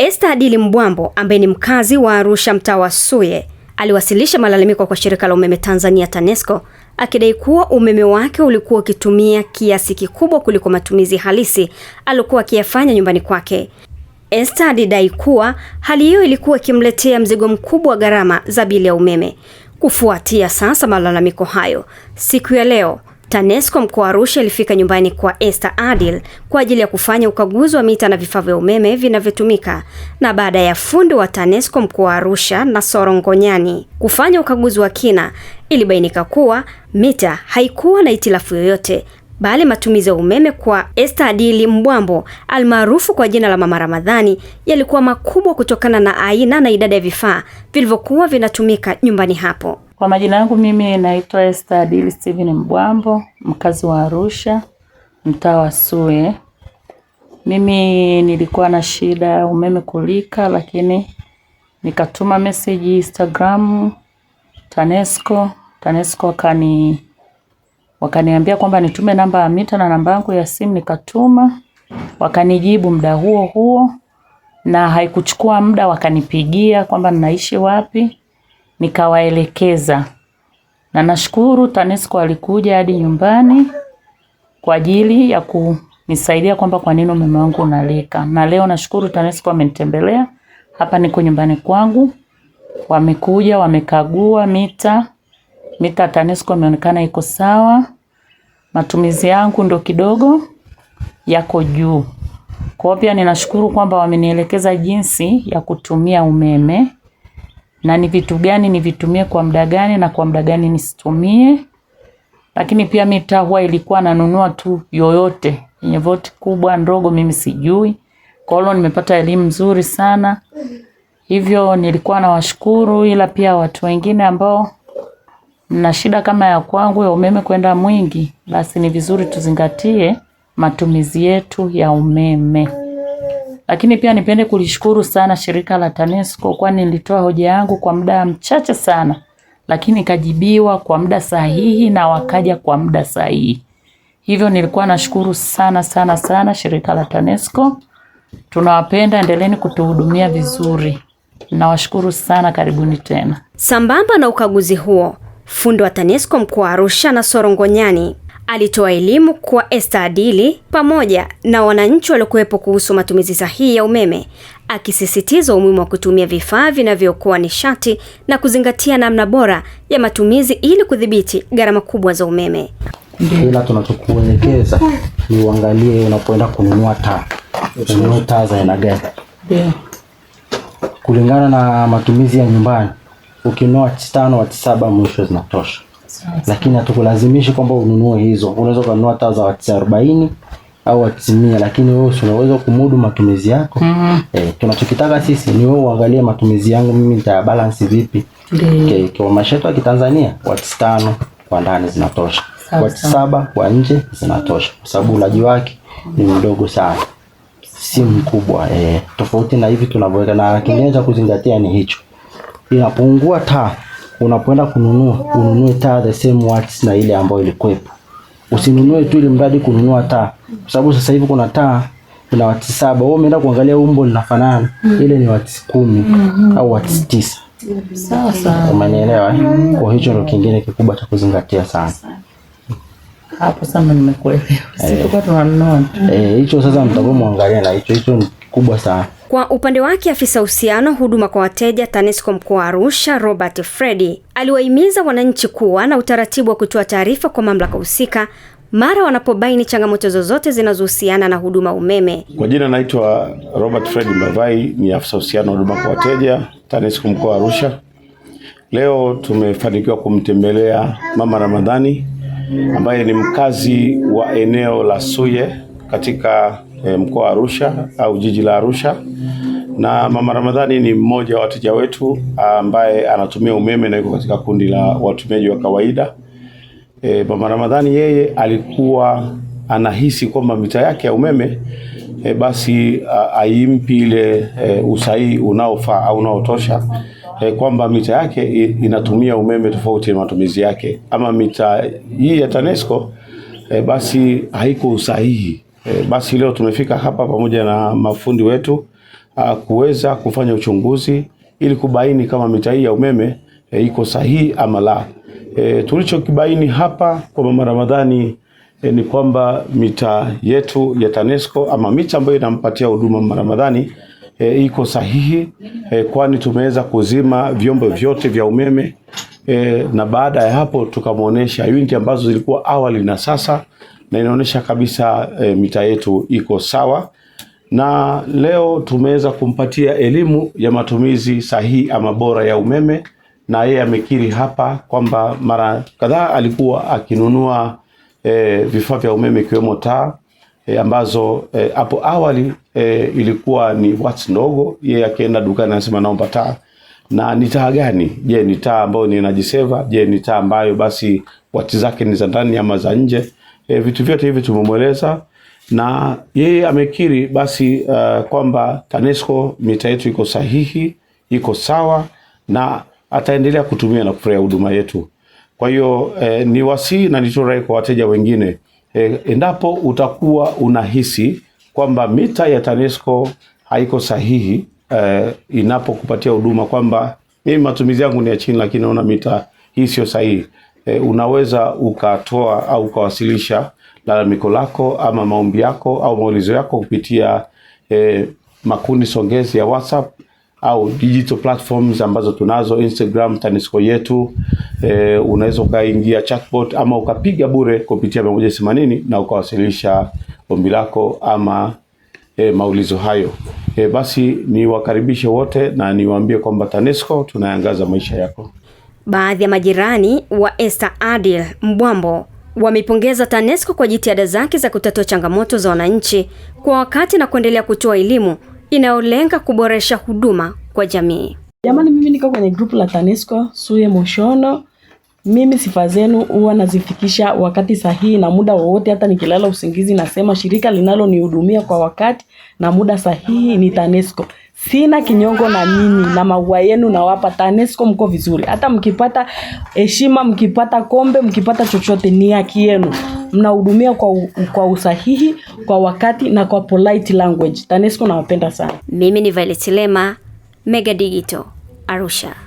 Esta Adili Mbwambo ambaye ni mkazi wa Arusha mtaa wa Suye aliwasilisha malalamiko kwa shirika la umeme Tanzania TANESCO akidai kuwa umeme wake ulikuwa ukitumia kiasi kikubwa kuliko matumizi halisi aliokuwa akiyafanya nyumbani kwake. Esta alidai kuwa hali hiyo ilikuwa ikimletea mzigo mkubwa wa gharama za bili ya umeme. Kufuatia sasa malalamiko hayo, siku ya leo TANESCO mkoa wa Arusha ilifika nyumbani kwa Esther Adil kwa ajili ya kufanya ukaguzi wa mita na vifaa vya umeme vinavyotumika, na baada ya fundi wa TANESCO mkoa wa Arusha na Ngonyani kufanya ukaguzi wa kina, ilibainika kuwa mita haikuwa na itilafu yoyote bali matumizi ya umeme kwa Esther Adili Mbwambo almaarufu kwa jina la Mama Ramadhani yalikuwa makubwa kutokana na aina na idadi ya vifaa vilivyokuwa vinatumika nyumbani hapo. Kwa majina yangu mimi naitwa Esther Adili Steven Mbwambo, mkazi wa Arusha, mtaa wa Suye. Mimi nilikuwa na shida ya umeme kulika, lakini nikatuma message Instagram TANESCO, TANESCO wakani wakaniambia kwamba nitume namba ya mita na namba yangu ya simu, nikatuma wakanijibu muda huo huo, na haikuchukua muda wakanipigia kwamba ninaishi wapi nikawaelekeza, na nashukuru TANESCO alikuja hadi nyumbani kwa ajili ya kunisaidia kwamba kwa nini umeme wangu unalika. Na leo nashukuru TANESCO amenitembelea hapa, niko nyumbani kwangu, wamekuja wamekagua mita mita TANESCO imeonekana iko sawa. Matumizi yangu ndo kidogo yako juu. Kwa hiyo pia ninashukuru kwamba wamenielekeza jinsi ya kutumia umeme na ni vitu gani nivitumie kwa muda gani na kwa muda gani nisitumie. Lakini pia mita huwa ilikuwa nanunua tu yoyote yenye voti kubwa ndogo, mimi sijui. Kwa hiyo nimepata elimu nzuri sana, hivyo nilikuwa nawashukuru, ila pia watu wengine ambao mna shida kama ya kwangu ya umeme kwenda mwingi, basi ni vizuri tuzingatie matumizi yetu ya umeme. Lakini pia nipende kulishukuru sana shirika la TANESCO kwani nilitoa hoja yangu kwa muda mchache sana, lakini kajibiwa kwa muda sahihi na wakaja kwa muda sahihi. Hivyo nilikuwa nashukuru sana sana sana shirika la TANESCO. Tunawapenda, endeleeni kutuhudumia vizuri. Nawashukuru sana, karibuni tena. Sambamba na ukaguzi huo, fundi wa TANESCO mkoa wa Arusha na Sorongonyani Alitoa elimu kwa Esther Adili pamoja na wananchi waliokuwepo kuhusu matumizi sahihi ya umeme, akisisitiza umuhimu wa kutumia vifaa vinavyookoa nishati na kuzingatia namna bora ya matumizi ili kudhibiti gharama kubwa za umeme. Ila tunachokuelekeza ni uangalie unapoenda kununua taa, ununue taa za aina gani kulingana na matumizi ya nyumbani. Ukinunua wati tano, wati saba mwisho zinatosha lakini hatukulazimishi kwamba ununue hizo. Unaweza kununua taa za wati arobaini au wati mia, lakini wewe si unaweza kumudu matumizi yako mm -hmm. E, tunachokitaka sisi ni wewe uangalie matumizi yangu mimi nitaya balance vipi? Okay, kwa mashetu ya Kitanzania wati tano kwa ndani zinatosha, wati saba kwa nje zinatosha, kwa sababu ulaji wake ni mdogo sana si mkubwa eh, tofauti na hivi tunavyoweka, na kingine cha kuzingatia ni hicho, inapungua taa unapoenda kununua ununue taa the same watts na ile ambayo ilikuwepo. Usinunue tu ili mradi kununua taa, kwa sababu sasa hivi kuna taa ina wati saba, wewe umeenda kuangalia umbo linafanana, ile ni watts kumi au watts tisa. Sasa umenielewa? Eh? Kwa hicho ndo kingine kikubwa cha kuzingatia sana hapo. Sasa nimekuelewa, eh. sisi tulikuwa tunanunua eh hicho, sasa mtakuwa muangalia na hicho, hicho ni kubwa sana. Kwa upande wake afisa uhusiano huduma kwa wateja TANESCO mkoa wa Arusha Robert Fredi aliwahimiza wananchi kuwa na utaratibu wa kutoa taarifa kwa mamlaka husika mara wanapobaini changamoto zozote zinazohusiana na huduma umeme. Kwa jina naitwa Robert Fredi Mavai, ni afisa uhusiano huduma kwa wateja TANESCO mkoa wa Arusha. Leo tumefanikiwa kumtembelea Mama Ramadhani ambaye ni mkazi wa eneo la Suye katika e, mkoa wa Arusha au jiji la Arusha, na Mama Ramadhani ni mmoja wa wateja wetu ambaye anatumia umeme na yuko katika kundi la watumiaji wa kawaida. E, Mama Ramadhani yeye alikuwa anahisi kwamba mita yake ya umeme e, basi haimpi ile e, usahihi unaofaa au unaotosha e, kwamba mita yake inatumia umeme tofauti na matumizi yake, ama mita hii ya TANESCO e, basi haiko usahihi E, basi leo tumefika hapa pamoja na mafundi wetu kuweza kufanya uchunguzi ili kubaini kama mita hii ya umeme e, iko sahihi ama la. E, tulichokibaini hapa kwa Mama Ramadhani e, ni kwamba mita yetu ya TANESCO ama mita ambayo inampatia huduma Mama Ramadhani e, iko sahihi e, kwani tumeweza kuzima vyombo vyote vya umeme e, na baada ya hapo tukamwonyesha yundi ambazo zilikuwa awali na sasa na inaonyesha kabisa e, eh, mita yetu iko sawa, na leo tumeweza kumpatia elimu ya matumizi sahihi ama bora ya umeme, na yeye amekiri hapa kwamba mara kadhaa alikuwa akinunua e, vifaa vya umeme ikiwemo taa E, ambazo hapo e, awali e, ilikuwa ni watts ndogo. Yeye akienda dukani anasema naomba taa. Na ni taa gani? Je, ni taa ambayo ninajiseva? Je, ni taa ambayo basi wati zake ni za ndani ama za nje? e, vitu vyote hivi tumemweleza na yeye amekiri basi uh, kwamba TANESCO mita yetu iko sahihi, iko sawa na ataendelea kutumia na kufurahia huduma yetu. Kwa hiyo eh, ni wasii na nitorai kwa wateja wengine eh, endapo utakuwa unahisi kwamba mita ya TANESCO haiko sahihi eh, inapokupatia huduma kwamba mimi matumizi yangu ni ya chini, lakini naona mita hii sio sahihi, e, unaweza ukatoa au ukawasilisha lalamiko lako ama maombi yako au maulizo yako kupitia e, makundi songezi ya WhatsApp au digital platforms ambazo tunazo Instagram, TANESCO yetu e, unaweza ukaingia chatbot ama ukapiga bure kupitia mia moja themanini na ukawasilisha ombi lako ama e, maulizo hayo. E, basi niwakaribishe wote na niwaambie kwamba TANESCO tunayangaza maisha yako. Baadhi ya majirani wa Esther Adil Mbwambo wameipongeza TANESCO kwa jitihada zake za kutatua changamoto za wananchi kwa wakati na kuendelea kutoa elimu inayolenga kuboresha huduma kwa jamii. Jamani, mimi niko kwenye grupu la TANESCO Suye Moshono. Mimi sifa zenu huwa nazifikisha wakati sahihi na muda wowote, hata nikilala usingizi nasema shirika linalonihudumia kwa wakati na muda sahihi ni TANESCO. Sina kinyongo na nini na maua yenu nawapa TANESCO, mko vizuri. Hata mkipata heshima, mkipata kombe, mkipata chochote, ni haki yenu. Mnahudumia kwa, u, kwa usahihi, kwa wakati na kwa polite language. TANESCO nawapenda sana. Mimi ni Violet Lema, Mega Digital, Arusha.